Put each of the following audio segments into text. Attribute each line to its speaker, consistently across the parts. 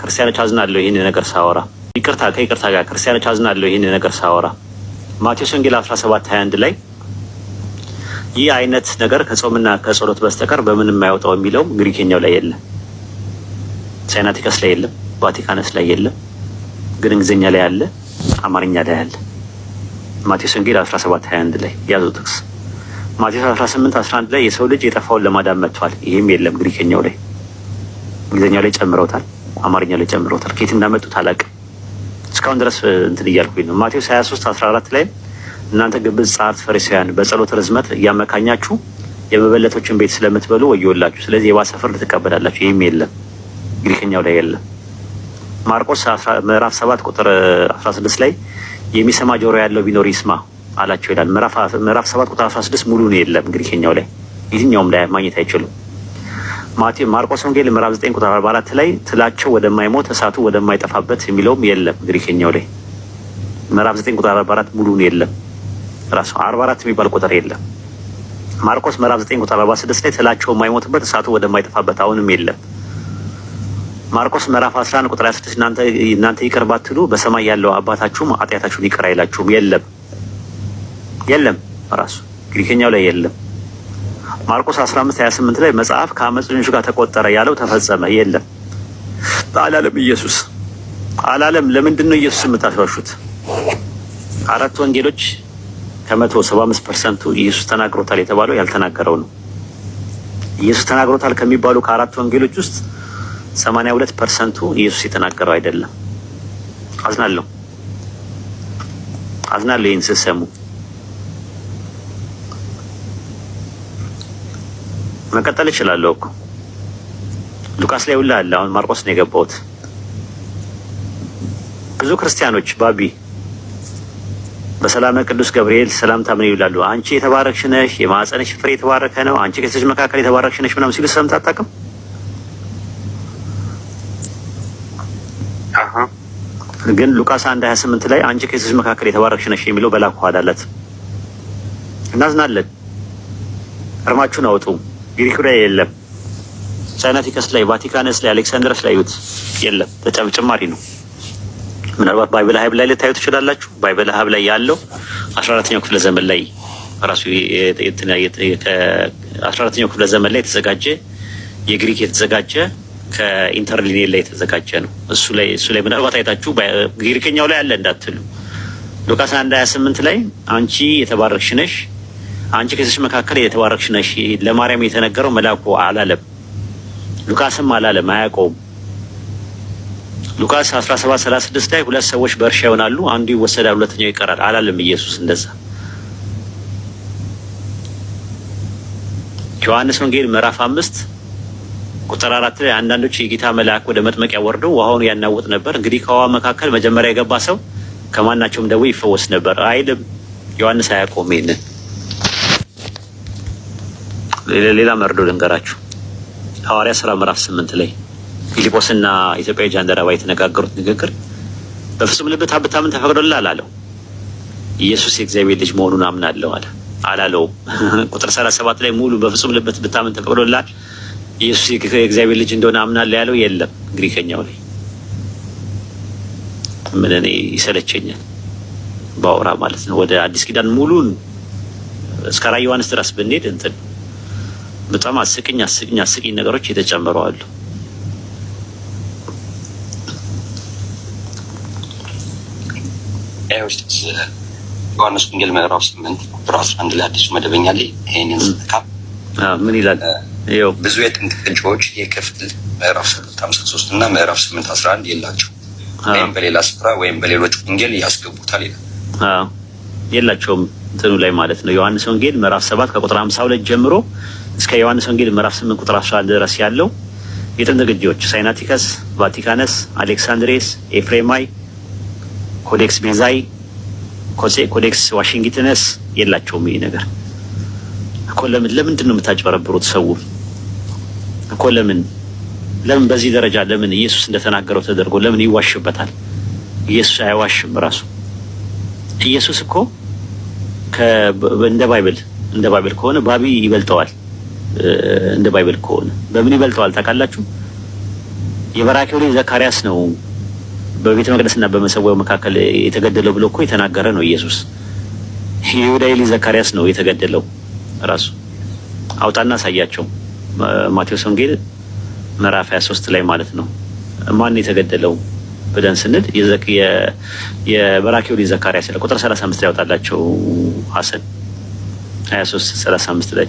Speaker 1: ክርስቲያኖች አዝናለሁ ይህን ነገር ሳወራ ይቅርታ ከይቅርታ ጋር ክርስቲያኖች አዝናለሁ ይህን ነገር ሳወራ ማቴዎስ ወንጌል 17 21 ላይ ይህ አይነት ነገር ከጾምና ከጸሎት በስተቀር በምንም የማይወጣው የሚለው ግሪክኛው ላይ የለም፣ ሳይናቲከስ ላይ የለም፣ ቫቲካነስ ላይ የለም። ግን እንግሊዝኛ ላይ አለ፣ አማርኛ ላይ አለ። ማቴዎስ ወንጌል 17 21 ላይ ያዙ ጥቅስ። ማቴዎስ 18 11 ላይ የሰው ልጅ የጠፋውን ለማዳን መጥቷል፣ ይህም የለም ግሪክኛው ላይ። እንግሊዝኛው ላይ ጨምረውታል። አማርኛ ላይ ጨምሮታል። ከየት እንዳመጡት አላውቅም። እስካሁን ድረስ እንትን እያልኩኝ ነው። ማቴዎስ 23 14 ላይ እናንተ ግብዝ ጸሐፍት ፈሪሳውያን፣ በጸሎት ርዝመት እያመካኛችሁ የመበለቶችን ቤት ስለምትበሉ ወዮላችሁ፣ ስለዚህ የባሰ ፍርድ ትቀበላላችሁ። ይህም የለም ግሪክኛው ላይ የለም። ማርቆስ ምዕራፍ 7 ቁጥር 16 ላይ የሚሰማ ጆሮ ያለው ቢኖር ይስማ አላቸው ይላል። ምዕራፍ 7 ቁጥር 16 ሙሉ ነው የለም ግሪክኛው ላይ የትኛውም ላይ ማግኘት አይችሉም። ማርቆስ ወንጌል ምዕራፍ 9 ቁጥር 44 ላይ ትላቸው ወደማይሞት እሳቱ ወደማይጠፋበት የሚለውም የለም። ግሪክኛው ላይ ምዕራፍ 9 ቁጥር 44 ሙሉን የለም። ራሱ 44 የሚባል ቁጥር የለም። ማርቆስ ምዕራፍ 9 ቁጥር 46 ላይ ትላቸው የማይሞትበት እሳቱ ወደማይጠፋበት አሁንም የለም። ማርቆስ ምዕራፍ 11 ቁጥር 26 እናንተ እናንተ ይቅር ባትሉ በሰማይ ያለው አባታችሁም ኃጢአታችሁን ይቅር አይላችሁም። የለም የለም፣ ራሱ ግሪክኛው ላይ የለም። ማርቆስ 15 28 ላይ መጽሐፍ ከአመፀኞች ጋር ተቆጠረ ያለው ተፈጸመ የለም አላለም ኢየሱስ አላለም። ለምንድን ነው ኢየሱስ የምታሻሹት? አራት ወንጌሎች ከመቶ 75 ፐርሰንቱ ኢየሱስ ተናግሮታል የተባለው ያልተናገረው ነው። ኢየሱስ ተናግሮታል ከሚባሉ ከአራት ወንጌሎች ውስጥ 82 ፐርሰንቱ ኢየሱስ የተናገረው አይደለም። አዝናለሁ አዝናለሁ ይህን መቀጠል እችላለሁ እኮ ሉቃስ ላይ ውላ አለ። አሁን ማርቆስ ነው የገባሁት። ብዙ ክርስቲያኖች ባቢ በሰላመ ቅዱስ ገብርኤል ሰላምታ ምን ይውላሉ? አንቺ የተባረክሽ ነሽ፣ የማህፀንሽ ፍሬ የተባረከ ነው፣ አንቺ ከሴቶች መካከል የተባረክሽ ነሽ ምናምን ሲሉ ሰምተህ አታውቅም? ግን ሉቃስ 1 ላይ አንቺ ከሴቶች መካከል የተባረክሽ ነሽ የሚለው በላኩ አዳለት እናዝናለን። እርማችሁን አውጡ። ግሪኩ ላይ የለም። ሳይናቲከስ ላይ፣ ቫቲካንስ ላይ፣ አሌክሳንድረስ ላይ ዩት የለም። ተጨምጭማሪ ነው። ምናልባት ባይብል ሀብ ላይ ልታዩ ትችላላችሁ። ባይብል ሀብ ላይ ያለው አስራ አራተኛው ክፍለ ዘመን ላይ ራሱ አስራ አራተኛው ክፍለ ዘመን ላይ የተዘጋጀ የግሪክ የተዘጋጀ ከኢንተርሊኔ ላይ የተዘጋጀ ነው። እሱ ላይ እሱ ላይ ምናልባት አይታችሁ ግሪክኛው ላይ አለ እንዳትሉ ሉቃስ አንድ ሀያ ስምንት ላይ አንቺ የተባረክሽ ነሽ አንቺ ከሴቶች መካከል የተባረክሽ ነሽ ለማርያም የተነገረው መልአኩ አላለም፣ ሉቃስም አላለም፣ አያውቀውም። ሉቃስ 17:36 ላይ ሁለት ሰዎች በእርሻ ይሆናሉ፣ አንዱ ይወሰዳል፣ ሁለተኛው ይቀራል አላለም ኢየሱስ እንደዛ። ዮሐንስ ወንጌል ምዕራፍ አምስት ቁጥር አራት ላይ አንዳንዶች የጌታ መልአክ ወደ መጥመቂያ ወርደው ውሃውን ያናውጥ ነበር፣ እንግዲህ ከውሃ መካከል መጀመሪያ የገባ ሰው ከማናቸውም ደዌ ይፈወስ ነበር አይልም። ዮሐንስ አያውቀውም ይሄንን። ሌላ መርዶ ልንገራችሁ። ሐዋርያ ስራ ምዕራፍ ስምንት ላይ ፊልጶስና ኢትዮጵያዊ ጃንደረባ የተነጋገሩት ንግግር በፍጹም ልብት ብታምን ተፈቅዶልህ አላለው። ኢየሱስ የእግዚአብሔር ልጅ መሆኑን አምናለሁ አለ አላለው። ቁጥር ሰላሳ ሰባት ላይ ሙሉ በፍጹም ልብህ ብታምን ተፈቅዶልሃል፣ ኢየሱስ የእግዚአብሔር ልጅ እንደሆነ አምናለሁ ያለው የለም። ግሪከኛው ላይ ምን እኔ ይሰለቸኛል ባውራ ማለት ነው። ወደ አዲስ ኪዳን ሙሉን እስከ ራዕየ ዮሐንስ ድረስ ብንሄድ እንትን በጣም አስቂኝ አስቂኝ አስቂኝ ነገሮች የተጨመሩ አሉ።
Speaker 2: ዮሐንስ ወንጌል ምዕራፍ ስምንት ቁጥር አስራ አንድ ላይ አዲሱ መደበኛ ላይ ይህንን ስነካ ምን ይላል? ብዙ የጥንት ቅጂዎች የክፍል ምዕራፍ ስምንት ሀምሳ ሶስት እና ምዕራፍ ስምንት አስራ አንድ የላቸው ወይም በሌላ ስፍራ ወይም በሌሎች ወንጌል ያስገቡታል ይላል።
Speaker 1: የላቸውም እንትኑ ላይ ማለት ነው። ዮሐንስ ወንጌል ምዕራፍ ሰባት ከቁጥር ሀምሳ ሁለት ጀምሮ እስከ ዮሐንስ ወንጌል ምዕራፍ 8 ቁጥር 11 ድረስ ያለው የጥንት ግዢዎች ሳይናቲከስ፣ ቫቲካነስ፣ አሌክሳንድሬስ፣ ኤፍሬማይ፣ ኮዴክስ ቤዛይ፣ ኮዴክስ ዋሽንግተንስ የላቸውም። ይሄ ነገር እኮ ለምን ለምንድን ነው የምታጭበረብሩት? ሰው እኮ ለምን ለምን በዚህ ደረጃ ለምን ኢየሱስ እንደተናገረው ተደርጎ ለምን ይዋሽበታል? ኢየሱስ አይዋሽም። ራሱ ኢየሱስ እኮ እንደ ባይብል እንደ ባይብል ከሆነ ባቢ ይበልጠዋል። እንደ ባይብል ከሆነ በምን ይበልጠዋል ታውቃላችሁ? የበራኪው ልጅ ዘካርያስ ነው በቤተ መቅደስና በመሰዊያው መካከል የተገደለው ብሎ እኮ የተናገረ ነው ኢየሱስ። የይሁዳዊ ልጅ ዘካርያስ ነው የተገደለው ራሱ። አውጣና አሳያቸው ማቴዎስ ወንጌል ምዕራፍ 23 ላይ ማለት ነው። ማን የተገደለው ብለን ስንል የበራኪው ልጅ ዘካርያስ ቁጥር 35 ላይ ያውጣላቸው ሀሰን 23 35 ላይ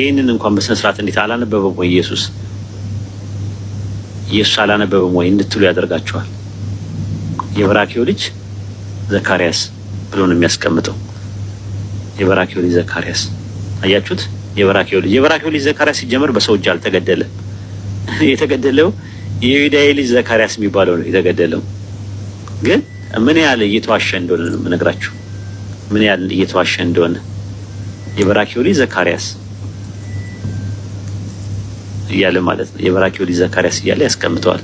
Speaker 1: ይህንን እንኳን በስነስርዓት እንዴት አላነበበም ወይ ኢየሱስ? ኢየሱስ አላነበበም ወይ እንድትሉ ያደርጋቸዋል። የበራኪው ልጅ ዘካርያስ ብሎ ነው የሚያስቀምጠው። የበራኪው ልጅ ዘካርያስ አያችሁት? የበራኪው ልጅ የበራኪው ልጅ ዘካርያስ ሲጀመር በሰው እጅ አልተገደለ። የተገደለው የዩዳይ ልጅ ዘካርያስ የሚባለው ነው የተገደለው። ግን ምን ያህል እየተዋሸ እንደሆነ ነው የምነግራችሁ። ምን ያህል እየተዋሸ እንደሆነ የበራኪው ልጅ ዘካርያስ እያለ ማለት ነው። የበራኪው ልጅ ዘካርያስ እያለ ያስቀምጠዋል።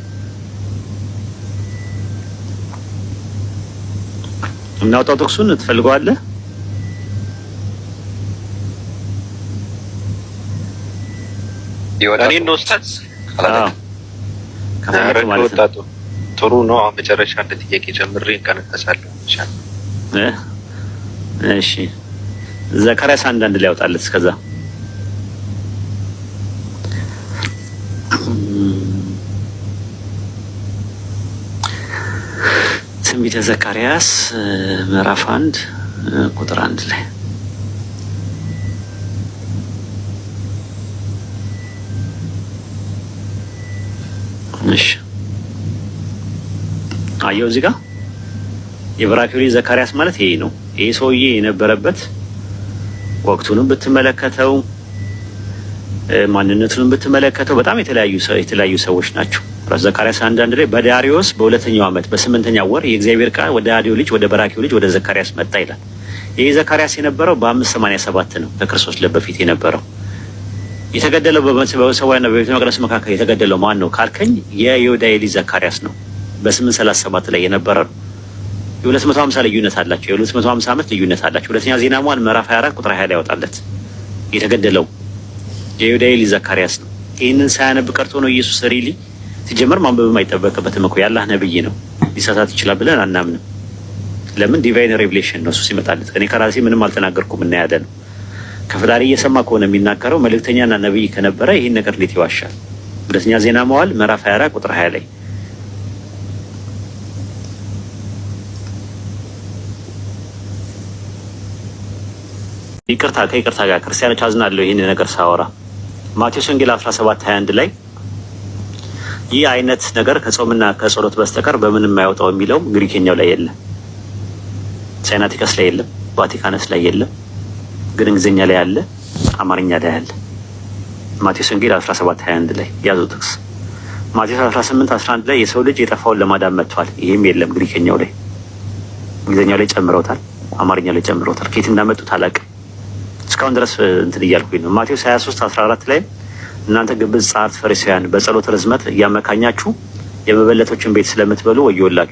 Speaker 1: እናውጣው ጥቅሱን ትፈልገዋለህ?
Speaker 2: እኔን ነው ኡስታዝ ወጣቱ ጥሩ ነው። መጨረሻ እንደ ጥያቄ ጀምሬ እንቀነቀሳለሁ።
Speaker 1: እሺ ዘካርያስ አንዳንድ ላይ ያውጣለት እስከዛ ትንቢተ ዘካርያስ ምዕራፍ አንድ ቁጥር አንድ ላይ እሺ አየው እዚህ ጋር የብራኪሪ ዘካርያስ ማለት ይሄ ነው። ይሄ ሰውዬ የነበረበት ወቅቱንም ብትመለከተው ማንነቱንም ብትመለከተው በጣም የተለያዩ የተለያዩ ሰዎች ናቸው። ራሱ ዘካርያስ አንድ አንድ ላይ በዳሪዮስ በሁለተኛው ዓመት በስምንተኛ ወር የእግዚአብሔር ቃል ወደ አዲዮ ልጅ ወደ በራኪው ልጅ ወደ ዘካርያስ መጣ ይላል። ይህ ዘካርያስ የነበረው በአምስት ሰማንያ ሰባት ነው ከክርስቶስ ልደት በፊት የነበረው። የተገደለው በሰዋና በቤተ መቅደስ መካከል የተገደለው ማን ነው ካልከኝ የዮዳሄ ልጅ ዘካርያስ ነው። በስምንት ሰላሳ ሰባት ላይ የነበረ ነው። የሁለት መቶ ሀምሳ ልዩነት አላቸው። የሁለት መቶ ሀምሳ ዓመት ልዩነት አላቸው። ሁለተኛ ዜና መዋዕል ምዕራፍ 24 ቁጥር 20 ላይ ያወጣለት የተገደለው የዮዳሄ ልጅ ዘካርያስ ነው። ይህንን ሳያነብ ቀርቶ ነው ኢየሱስ ሪሊ ሲጀመር ማንበብ አይጠበቅበትም እኮ ያላህ ነብይ ነው። ሊሳሳት ይችላል ብለን አናምንም። ለምን ዲቫይን ሬቪሌሽን ነው እሱ ሲመጣለት። እኔ ከራሴ ምንም አልተናገርኩም እና ያለ ነው። ከፈጣሪ እየሰማ ከሆነ የሚናገረው መልእክተኛና ነብይ ከነበረ ይህን ነገር እንዴት ይዋሻል? ሁለተኛ ዜና መዋል ምዕራፍ 24 ቁጥር 20 ላይ ይቅርታ ከይቅርታ ጋር ክርስቲያኖች አዝናለሁ ይህን ነገር ሳወራ ማቴዎስ ወንጌል 17 21 ላይ ይህ አይነት ነገር ከጾምና ከጸሎት በስተቀር በምንም የማይወጣው የሚለውም ግሪክኛው ላይ የለም፣ ሳይናቲከስ ላይ የለም፣ ቫቲካነስ ላይ የለም። ግን እንግሊዝኛ ላይ አለ፣ አማርኛ ላይ አለ። ማቴዎስ ወንጌል 17 21 ላይ ያዙ ጥቅስ። ማቴዎስ 18 11 ላይ የሰው ልጅ የጠፋውን ለማዳን መጥቷል። ይህም የለም ግሪክኛው ላይ። እንግሊዝኛው ላይ ጨምረውታል፣ አማርኛ ላይ ጨምረውታል። ከየት እንዳመጡት አላውቅም። እስካሁን ድረስ እንትን እያልኩኝ ነው። ማቴዎስ 23 14 ላይ እናንተ ግብዝ ጸሐፍት ፈሪሳውያን በጸሎት ርዝመት እያመካኛችሁ የመበለቶችን ቤት ስለምትበሉ ወዮላችሁ።